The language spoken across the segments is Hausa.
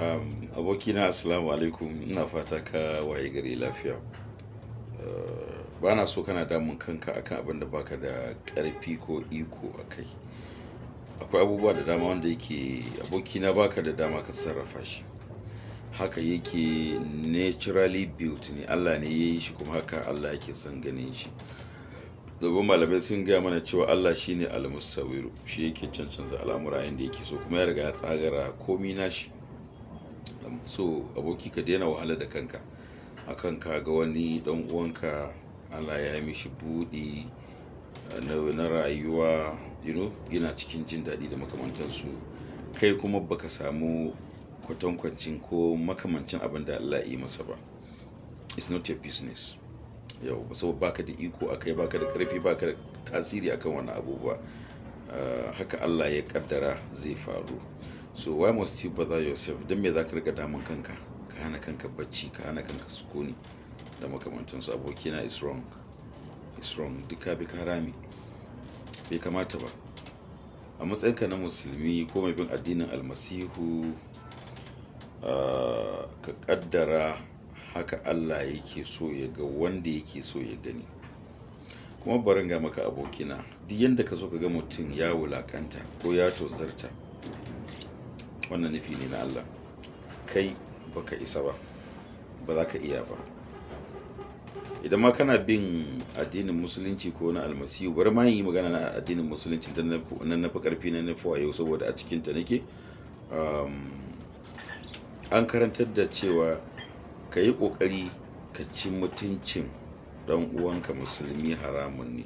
um, abokina assalamu alaikum ina fata ka waye gari lafiya eh, ba na so kana damun kanka akan abin da baka da ƙarfi ko iko a kai akwai abubuwa da dama wanda yake abokina baka da dama ka sarrafa shi haka yake naturally built ne allah ne ya yi shi kuma haka allah yake son ganin shi domin malamai sun gaya mana cewa Allah shine al-musawwiru shi yake cancanza al'amura yadda yake so kuma ya riga ya tsagara komi na shi so aboki ka daina wahala da kanka akan ka ga wani dan uwanka Allah ya yi mishi buɗi eh, na rayuwa you know yana cikin jin daɗi da makamantansu kai kuma baka samu kwatankwancin ko makamancin abin da Allah ya yi masa ba it's not your business yau saboda baka da iko akai baka da karfi baka da tasiri akan wani abubuwa eh, haka Allah ya kaddara zai faru so why must you bother yourself don me za ka rika damun kanka ka hana kanka bacci ka hana kanka sukuni da aboki abokina is wrong is wrong duka bi ka bai kamata ba a matsayinka na musulmi ko mai bin addinin almasihu ah, ka kaddara haka allah yake so ya ga wanda yake so ya gani kuma barin ga maka abokina duk yadda ka so ka ga mutum ya wulakanta ko ya tozarta wannan nufi ne na Allah kai baka isa ba ba za ka iya ba idan ma kana bin addinin musulunci ko na almasihu bar ma yi magana na addinin musulunci nan na fi karfi na nufi a yau saboda a cikinta nake an karantar da cewa ka yi ƙoƙari ka ci mutuncin ɗan uwanka musulmi haramun ne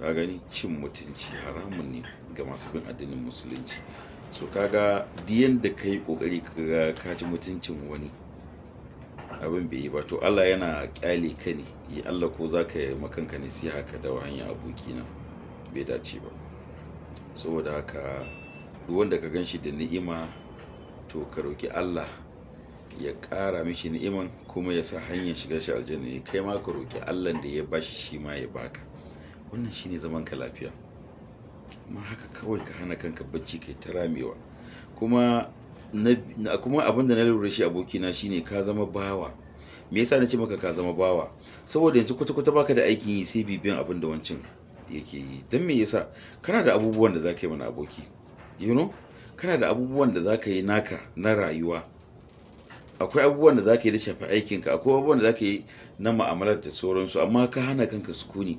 ka gani cin mutunci haramun ne ga masu bin addinin musulunci so kaga diyan da kayi kokari ƙoƙari kaga ka ji mutuncin wani abin bai yi ba to Allah yana ƙyale ka ne yi Allah ko za yi makanka ne sai haka da wani aboki na bai dace ba saboda haka duk wanda ka ganshi da ni'ima to ka roki Allah ya ƙara mishi ni'iman kuma ya sa hanyar shiga shi aljanna ne kai ma ka roki Allah da ya bashi shi ma ya baka wannan shine zaman ka lafiya amma haka kawai ka hana kanka bacci kai ta ramewa kuma na kuma abin da na lura shi abokina shine ka zama bawa me yasa na ce maka ka zama bawa saboda yanzu kwata-kwata baka da aikin yi sai bibiyan abin da wancan yake yi don me yasa kana da abubuwan da zaka yi mana aboki you know kana da abubuwan da zaka yi naka na rayuwa akwai abubuwan da zaka yi da shafi aikinka akwai abubuwan da zaka yi na ma'amalar da sauransu amma ka hana kanka sukuni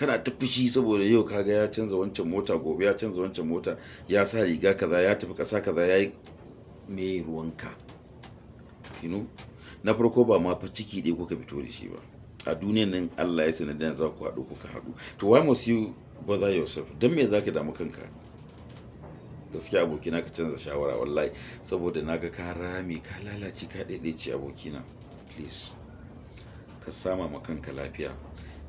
kana ta fushi saboda yau kaga ya canza wancan mota gobe ya canza wancan mota ya sa riga kaza ya tafi kasa kaza ya yi me ruwanka na farko ba ma fa ciki ɗaya kuka fito da shi ba a duniyan nan Allah ya sanadin za ku haɗu kuka haɗu to why must you bother yourself don me zaka damu kanka gaskiya abokina ka canza shawara wallahi saboda naga ka rami ka lalace ka ci abokina please ka sama ma kanka lafiya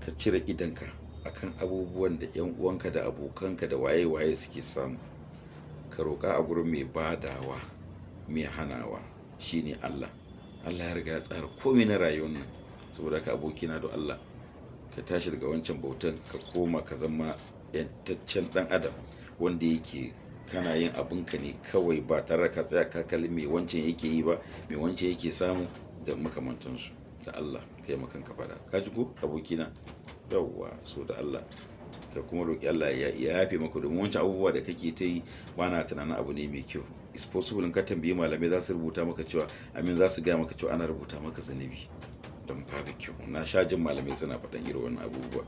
ka cire idanka akan abubuwan da yan uwanka da abokanka da waye-waye suke samu ka roƙa a gurin mai badawa mai hanawa shine Allah Allah ya riga ya tsara komai na rayuwar nan saboda ka abokina da Allah ka tashi daga wancan bautan ka koma ka zama yantaccen ɗan adam wanda yake kana yin abinka ne kawai ba tare ka tsaya ka kalli me wancan yake yi ba mai wancan yake samu da makamantansu da Allah kai makan ka fada ka ko abokina yawa so da Allah ka kuma roƙi Allah ya yafe maka domin wancan abubuwa da kake ta yi ba na tunanin abu ne mai kyau is possible in ka tambayi malamai za su rubuta maka cewa amin za su gaya maka cewa ana rubuta maka zunubi don babu kyau na sha jin malamai suna faɗan irin wannan abubuwa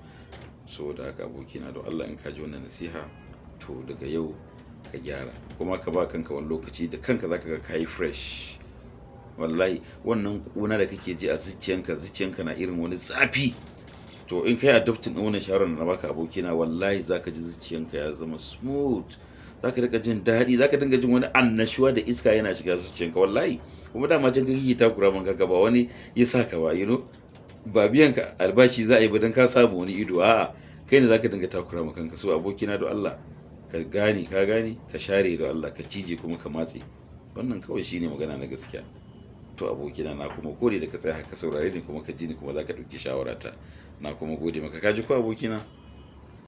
so da haka abokina don Allah in ka ji wannan nasiha to daga yau ka gyara kuma ka ba kanka wani lokaci da kanka zaka ga kayi fresh wallahi wannan kuna da kake ji a zuciyanka zuciyanka na irin wani tsafi to in kai adoptin wannan shawarar da baka abokina wallahi zaka ji zuciyanka ya zama smooth zaka rika jin daɗi zaka dinga jin wani annashuwa da iska yana shiga zuciyanka wallahi kuma dama can kake ta kura man kaga ba wani ya saka ba you know ba biyan ka albashi za a yi ba dan ka samu wani ido a kai ne zaka dinga takura ma kanka so abokina do Allah ka gane ka gane ka share da Allah ka cije kuma ka matse wannan kawai shine magana na gaskiya to abokina na kuma gode da ka tsaya ka saurare ni kuma ka ji ni kuma za ka ɗauki shawarata na kuma gode maka ka ji ko abokina